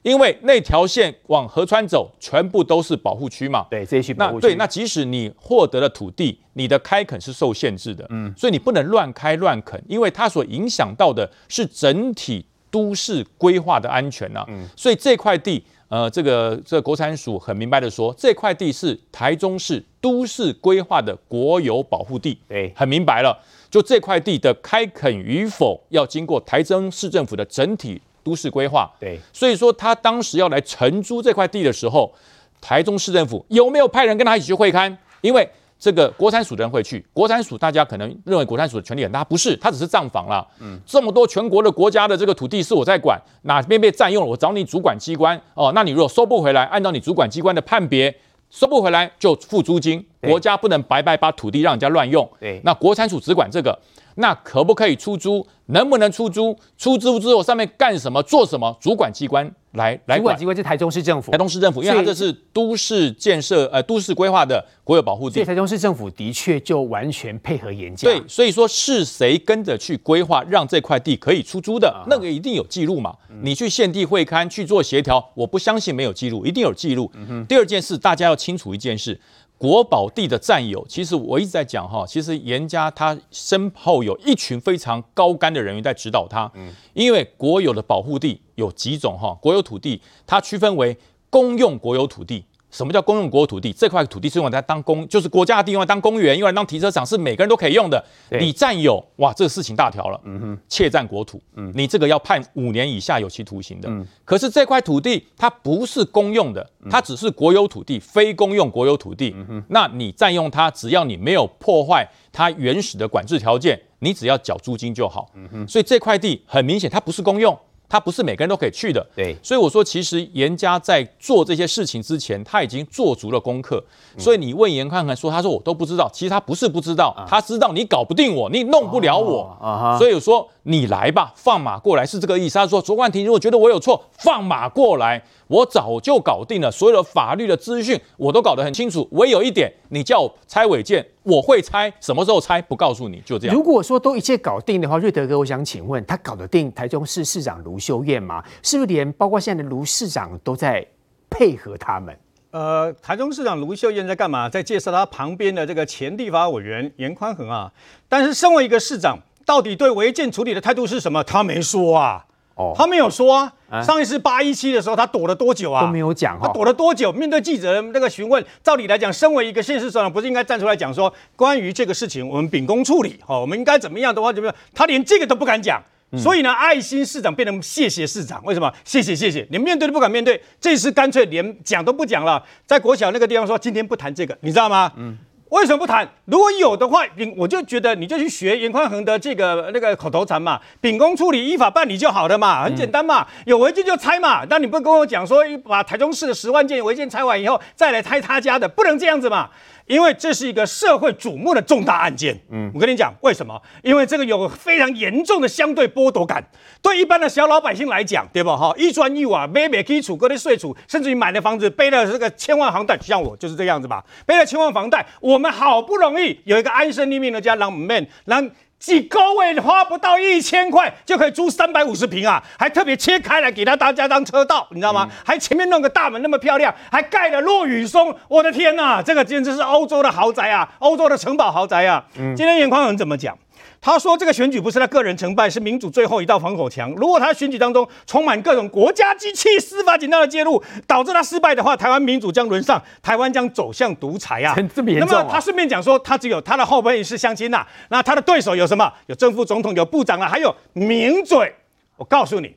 對，因為那條線往河川走，全部都是保護區嘛。對，這些區。那對，那即使你獲得了土地，你的開墾是受限制的。嗯，所以你不能亂開亂墾，因為它所影響到的是整體。都市規劃的安全吶、啊，嗯、所以這塊地，呃，這個這個國產署很明白的說，這塊地是台中市都市規劃的國有保護地，對，很明白了。就這塊地的開墾與否，要經過台中市政府的整體都市規劃，對。所以說他當時要來承租這塊地的時候，台中市政府有沒有派人跟他一起去會勘？因為這個國產署的人會去國產署，大家可能認為國產署的權力很大，不是？他只是賬房啦。這麼多全國的國家的這個土地是我在管，哪邊被占用了，我找你主管機關哦。那你如果收不回來，按照你主管機關的判別，收不回來就付租金。國家不能白白把土地讓人家亂用。那國產署只管這個，那可不可以出租？能不能出租？出租之後上面幹什麼？做什麼？主管機關？來來，主管機關是台中市政府，台中市政府，因為它這是都市建設以呃都市規劃的國有保護地，所以台中市政府的確就完全配合顏家。對，所以說是誰跟着去規劃，讓這塊地可以出租的，啊、那個一定有記錄嘛？嗯、你去現地會勘去做協調，我不相信沒有記錄，一定有記錄。嗯、哼第二件事，大家要清楚一件事。國寶地的佔有，其實我一直在講哈，其實顏家，他身後有一群非常高幹的人員在指導他，嗯，因為國有的保護地有幾種哈，國有土地它區分為公用國有土地。什麼叫公用國土地？這塊土地是用來當公，就是國家的地，用來當公園，用來當停車場，是每個人都可以用的。對你占有，哇，這個事情大條了。嗯哼，竊占國土，嗯哼，你這個要判五年以下有期徒刑的。嗯，可是這塊土地它不是公用的，它只是國有土地，非公用國有土地。嗯哼，那你占用它，只要你沒有破壞它原始的管制條件，你只要繳租金就好。嗯哼，所以這塊地很明顯，它不是公用。他不是每個人都可以去的對，所以我說，其實顏家在做這些事情之前，他已經做足了功課。所以你問顏寬恆，說，他說我都不知道，其實他不是不知道，他知道你搞不定我，你弄不了我。所以我說你來吧，放馬過來，是這個意思。他說卓冠廷，如果覺得我有錯，放馬過來，我早就搞定了。所有的法律的資訊我都搞得很清楚，唯有一點，你叫我拆違建，我會拆，什麼時候拆不告訴你，就這樣。如果說都一切搞定的話，瑞德哥，我想請問他搞得定台中市市長盧秀燕嗎？是不是連包括現在的盧市長都在配合他們？呃，台中市長盧秀燕在幹嘛？在介紹他旁邊的這個前立法委員顏寬恆啊。但是身為一個市長，到底對違建處理的態度是什麼？他沒說啊。哦，他沒有說啊，上一次八一七的時候，他躲了多久啊？都沒有講。他躲了多久？面對記者的那個詢問，照理來講，身為一個縣市長，不是應該站出來講說，關於這個事情，我們秉公處理，哈，我們應該怎麼樣的話，怎麼樣？他連這個都不敢講，所以呢，愛心市長變成謝謝市長。為什麼？謝謝謝謝，連面對都不敢面對，這一次乾脆連講都不講了。在國小那個地方說，今天不談這個，你知道嗎？嗯。為什麼不談？如果有的話，你我就覺得你就去學顏寬恆的這個那個口頭禪嘛，秉公處理、依法辦理就好了嘛，很簡單嘛。嗯、有違建就拆嘛，但你不跟我講說，把台中市的十萬件違建拆完以後，再來拆他家的，不能這樣子嘛？因為這是一個社會矚目的重大案件，嗯，我跟你講，為什麼？因為這個有非常嚴重的相對剝奪感，對一般的小老百姓來講，對吧哈？一磚一瓦、每每基礎、各類稅儲，甚至於買的房子背了這個千萬房貸，像我就是這樣子吧，背了千萬房貸，我們好不容易有一個安身立命的家，讓我們讓。幾高位花不到一千塊就可以租三百五十平啊，還特別切開來給他大家當車道，你知道嗎？還前面弄個大門那麼漂亮，還蓋了落雨松，我的天哪、啊，這個簡直是歐洲的豪宅啊，歐洲的城堡豪宅啊！今天顏寬恆怎麼講？他說：“這個選舉不是他個人成敗，是民主最後一道防火牆。如果他在選舉當中充滿各種國家機器、司法警察的介入，導致他失敗的話，台灣民主將淪喪，台灣將走向獨裁啊！這麼嚴重、啊。那麼他順便講說，他只有他的後輩是鄉親吶、啊。那他的對手有什麼？有正副總統，有部長啊，還有名嘴。我告訴你，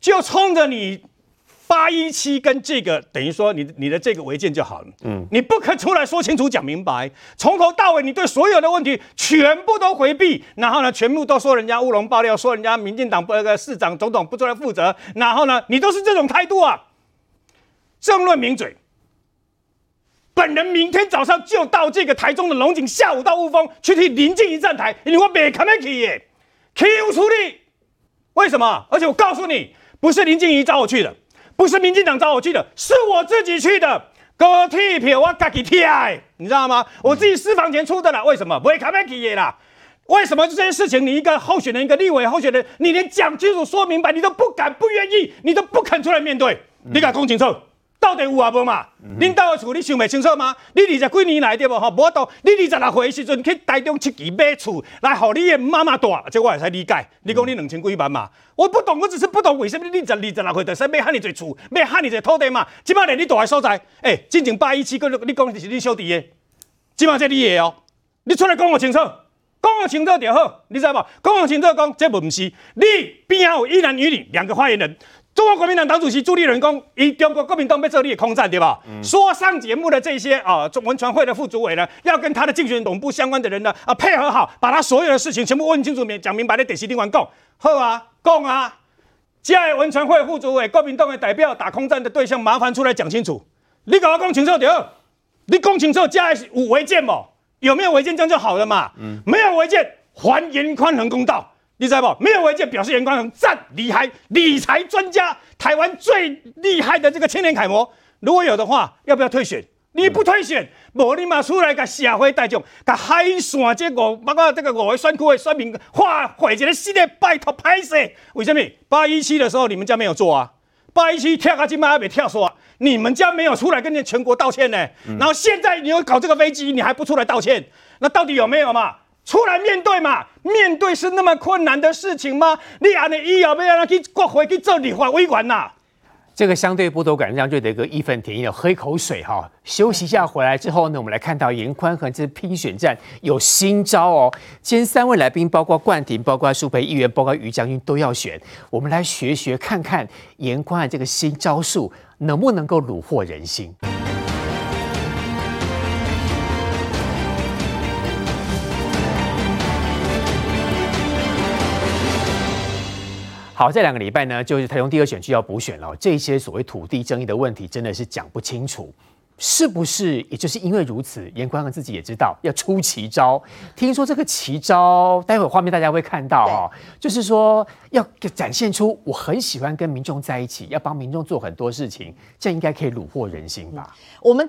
就衝着你。”八一七跟這個等於說，你你的這個違建就好了，嗯，你不肯出來說清楚講明白，從頭到尾你對所有的問題全部都回避，然後呢，全部都說人家烏龍爆料，說人家民進黨不那個市長、總統不出來負責，然後呢，你都是這種態度啊，政論名嘴。本人明天早上就到這個台中的龍井，下午到霧峰去替林靜儀站台，你話別看沒、欸、去耶，替我出力，為什麼？而且我告訴你，不是林靜儀找我去的。不是民進黨找我去的，是我自己去的。高鐵票我，我敢去你知道嗎？我自己私房錢出的啦。為什麼不會卡麥克啦？為什麼這件事情，你一個候選人，一個立委候選人，你連講清楚、說明白，你都不敢、不願意，你都不肯出來面對，嗯、你敢攻警車？到底有啊無嘛？恁兜、嗯、哼的厝，你想袂清楚嗎？你二十幾年來着無？吼，無法度你二十六歲誒時陣去台中七期買厝，來互你誒媽媽住，這個、我會使理解。你講你兩千幾萬嘛？嗯、我不懂，我只是不懂為什麼你二,二十六歲就使買遐爾濟厝，買遐爾濟土地嘛？即擺連你住誒所在，誒進前八一七，個你講是是你小弟誒。即擺則你個哦。你出來講互清楚，講互清楚就好。你知無？講互清楚講，這無毋是你邊仔有一男一女兩個發言人。中國國民黨黨主席朱立倫，以中國國民黨被這裡立空戰，對吧？嗯、說上節目的這些啊，中、呃、文傳會的副主委呢，要跟他的競選總部相關的人呢啊、呃、配合好，把他所有的事情全部問清楚，明講明白的，點起釘完供，好啊，講啊，嘉義文傳會副主委、國民黨的代表打空戰的對象，麻煩出來講清楚，你給我講清楚點，你講清楚，嘉義無違建嗎？有沒有違建，這樣就好了嘛？嗯，沒有違建，還顏寬恆公道。你知道不？沒有違建表示嚴光榮讚厲害理財專家，台灣最厲害的這個青年楷模。如果有的話，要不要退選？你不退選，無、嗯、你嘛出來甲社會大眾、甲海線這果，包括這個五個選區的選民，化壞一個系列拜托拍死。為什麼？八一七的時候你們家沒有做啊？八一七跳下去邁阿美跳說，你們家沒有出來跟你全國道歉呢？嗯、然後現在你又搞這個飛機，你還不出來道歉？那到底有沒有嘛？出來面對嘛？面對是那麼困難的事情嗎？你安的醫藥不要讓他去國會去做立法委員啊？這個相對不多，感讓瑞德哥義憤填膺的喝一口水哈、哦，休息一下回來之後呢，我們來看到顏寬恆這拼選戰有新招哦。今天三位來賓，包括冠廷，包括舒培議員，包括於將軍都要選，我們來學學看看顏寬的這個新招數能不能夠擄獲人心。好，這兩個禮拜呢，就是台中第二選區要補選了。這些所謂土地爭議的問題，真的是講不清楚。是不是？也就是因為如此，顏寬恆自己也知道要出奇招。聽說這個奇招，待會畫面大家會看到對就是說要展現出我很喜歡跟民眾在一起，要幫民眾做很多事情，這應該可以虜獲人心吧？嗯、我們。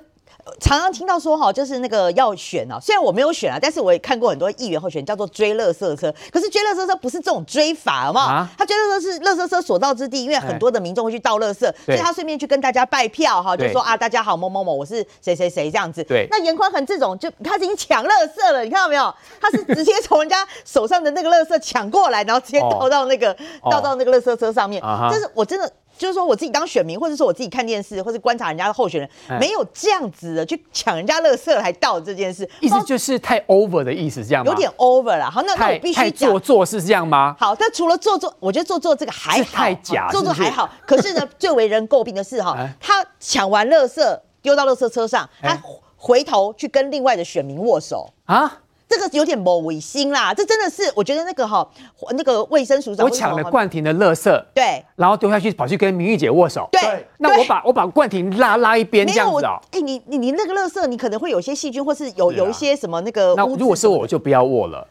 常常聽到說哈，就是那個要選哦，雖然我沒有選啊，但是我也看過很多議員候選人叫做追樂色車，可是，追樂色車不是這種追法，好不好？啊、他追樂色，是樂色車所到之地，因為很多的民眾會去倒樂色，對所以他順便去跟大家拜票哈，就說對啊，大家好，某某某，我是誰誰誰這樣子。對，那顏寬恆這種就他已經搶樂色了，你看到沒有？他是直接從人家手上的那個樂色搶過來，然後直接倒到那個、哦、倒到那個樂色車上面。哦、啊，但是我真的。就是說我自己當選民，或者說我自己看電視，或者觀察人家的候選人，哎、沒有這樣子的去搶人家垃圾來到這件事，意思就是太 over 的意思，這樣有點 over 了。好，那我必須講太做作是這樣嗎？好，但除了做作，我覺得做作這個還好，是太假做作還好。是是可是呢， 最為人詬病的是哈，他搶完垃圾丟到垃圾車上，他回頭去跟另外的選民握手、哎、啊。這個是有點沒衛生啦，這真的是我覺得那個哈，那個衛生署長，我搶了冠廷的垃圾，對，然後丟下去，跑去跟明玉姐握手，對，那我把對我把冠廷拉拉一邊，有這樣子、喔，哎、欸，你你你那個垃圾，你可能會有些細菌，或是有是、啊、有一些什麼那個麼，那如果是我就不要握了。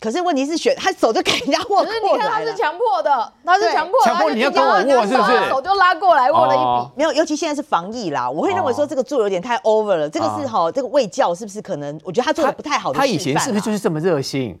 可是問題是選，選他手就給人家握握的，可是你看他是強迫的，他是強迫,對迫，強迫你要跟我握是不是？手就拉過來握了一筆，oh. 沒有，尤其現在是防疫啦，我會認為說這個做有點太 over 了，oh. 這個是哈，這個衛教是不是可能？我覺得他做的不太好的示範。他以前是不是就是這麼熱心？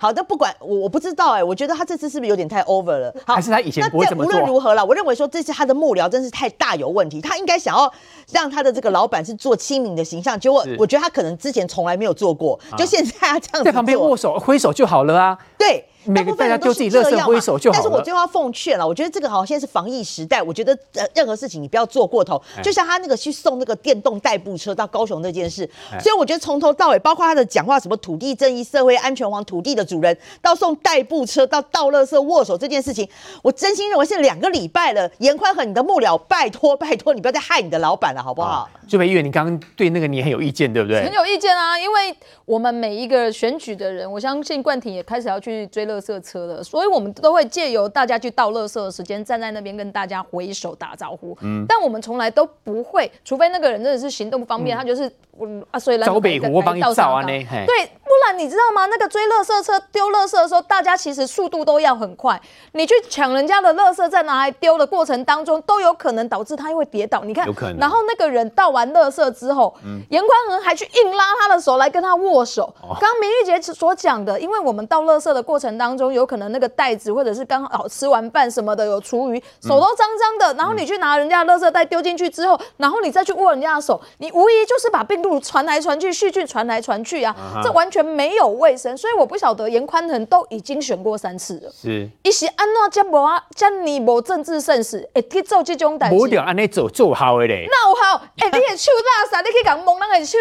好的，但不管我我不知道哎、欸，我覺得他這次是不是有點太 over 了？好還是他以前不怎麼做？那在無論如何了，我認為說這次他的幕僚真是太大有問題，他應該想要。讓他的這個老闆是做親民的形象，結果我覺得他可能之前從來沒有做過，啊、就現在他這樣子在旁邊握手揮手就好了啊。對。大部分他都自己握手，但是我最後要奉勸了。我覺得這個好像現在是防疫時代。我覺得任何事情你不要做過頭。就像他那個去送那個電動代步車到高雄這件事，所以我覺得從頭到尾，包括他的講話，什麼土地正義、社會安全網、土地的主人，到送代步車，到倒垃圾握手這件事情，我真心認為是兩個禮拜了。顏寬恆你的幕僚，拜託拜託，你不要再害你的老闆了，好不好？啊就因為你剛剛對那個你很有意見，對不對？很有意見啊，因為我們每一個選舉的人，我相信冠廷也開始要去追垃圾車了，所以我們都會借由大家去倒垃圾的時間，站在那邊跟大家揮手打招呼。嗯，但我們從來都不會，除非那個人真的是行動不方便，嗯、他就是我、嗯，啊，所以找北湖我幫你找啊對。那你知道嗎？那個追垃圾車丟垃圾的時候，大家其實速度都要很快。你去搶人家的垃圾，在拿來丟的過程當中，都有可能導致他又會跌倒。你看，有可能然後那個人倒完垃圾之後，嗯、顏寬恆還去硬拉他的手來跟他握手。哦、剛明玉姐所講的，因為我們倒垃圾的過程當中，有可能那個袋子或者是剛好吃完飯什麼的有廚餘，手都髒髒的。嗯、然後你去拿人家垃圾袋丟進去之後，嗯、然後你再去握人家的手，你無疑就是把病毒傳來傳去，細菌傳來傳去啊！啊哈這完全。沒有衛生，所以我不曉得顏寬恆都已經選過三次了。是，一是安那將無將你無政治 sense 誒，去做這種代志。不掉安內做做好了咧。那好，誒，你也去垃圾，你可以講摸那個去，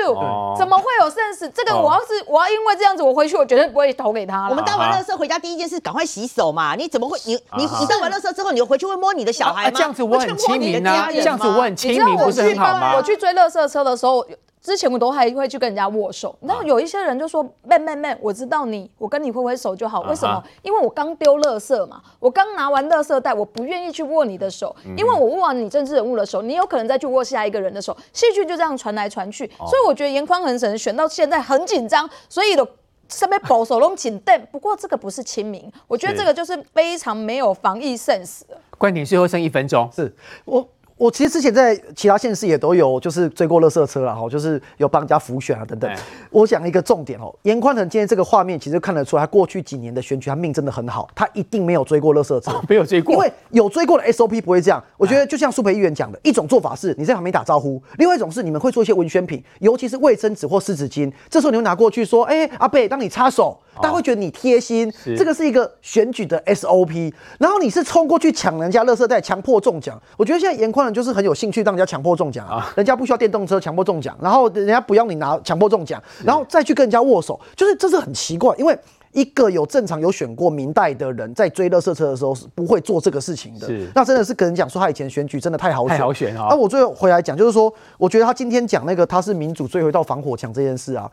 怎麼會有 sense？這個我要是我要因為這樣子，我回去我絕對不會投給他了。我們倒完垃圾回家第一件事趕快洗手嘛。你怎麼會你你你倒完垃圾之後，你又回去會摸你的小孩嗎？這樣子我很親民啊，這樣子我很親民，不是很好嗎？我去追垃圾車的時候。之前我都還會去跟人家握手，然後有一些人就說：“沒沒沒，我知道你，我跟你揮揮手就好。”為什麼？因為我剛丟垃圾嘛，我剛拿完垃圾袋，我不願意去握你的手，因為我握完你政治人物的手，你有可能再去握下一個人的手，細菌就這樣傳來傳去。所以我覺得顏寬恆很省，選到現在很緊張，所以都稍微保守那麼緊點。不過這個不是親民，我覺得這個就是非常沒有防疫 sense。觀點最後剩一分鐘，是我。我其實之前在其他縣市也都有，就是追過垃圾車啊哈，就是有幫人家輔選啊，等等。欸、我講一個重點哦、喔，顏寬恆今天這個畫面其實看得出來，他過去幾年的選舉他命真的很好，他一定沒有追過垃圾車，哦、沒有追過。因為有追過的 SOP 不會這樣。我覺得就像舒培議員講的，啊、一種做法是你在旁邊打招呼，另外一種是你們會做一些文宣品，尤其是衛生紙或濕紙巾，這時候你就拿過去說，哎、欸，阿伯，當你擦手。大家會覺得你貼心，這個是一個選舉的 SOP。是然後你是衝過去搶人家垃圾袋，強迫中獎。我覺得現在顏寬恆就是很有興趣讓人家強迫中獎啊，人家不需要電動車強迫中獎，然後人家不要你拿強迫中獎，然後再去跟人家握手，就是這是很奇怪，因為一個有正常有選過民代的人在追垃圾車的時候是不會做這個事情的。那真的是跟人講說他以前選舉真的太好，太好選啊。那我最後回來講就是說，我覺得他今天講那個他是民主最後一道防火牆這件事啊。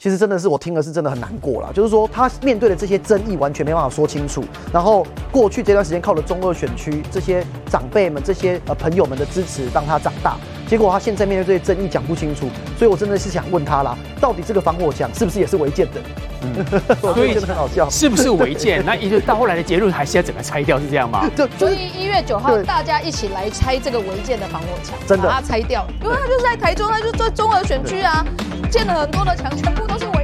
其實真的是我聽了是真的很難過了，就是說他面對的這些爭議完全沒辦法說清楚。然後過去這段時間靠了中二選區這些長輩們、這些呃朋友們的支持幫他長大，結果他現在面對這些爭議講不清楚，所以我真的是想問他啦，到底這個防火牆是不是也是違建的？嗯， 所以真的很好笑，是不是違建？對 那一直到後來的結論還是要整個拆掉，是這樣嗎對 就？就是，所以一月九號大家一起來拆這個違建的防火牆，對 真的他拆掉，因為他就是在台中，他就在中二選區啊，對 建了很多的牆，全部。告訴我。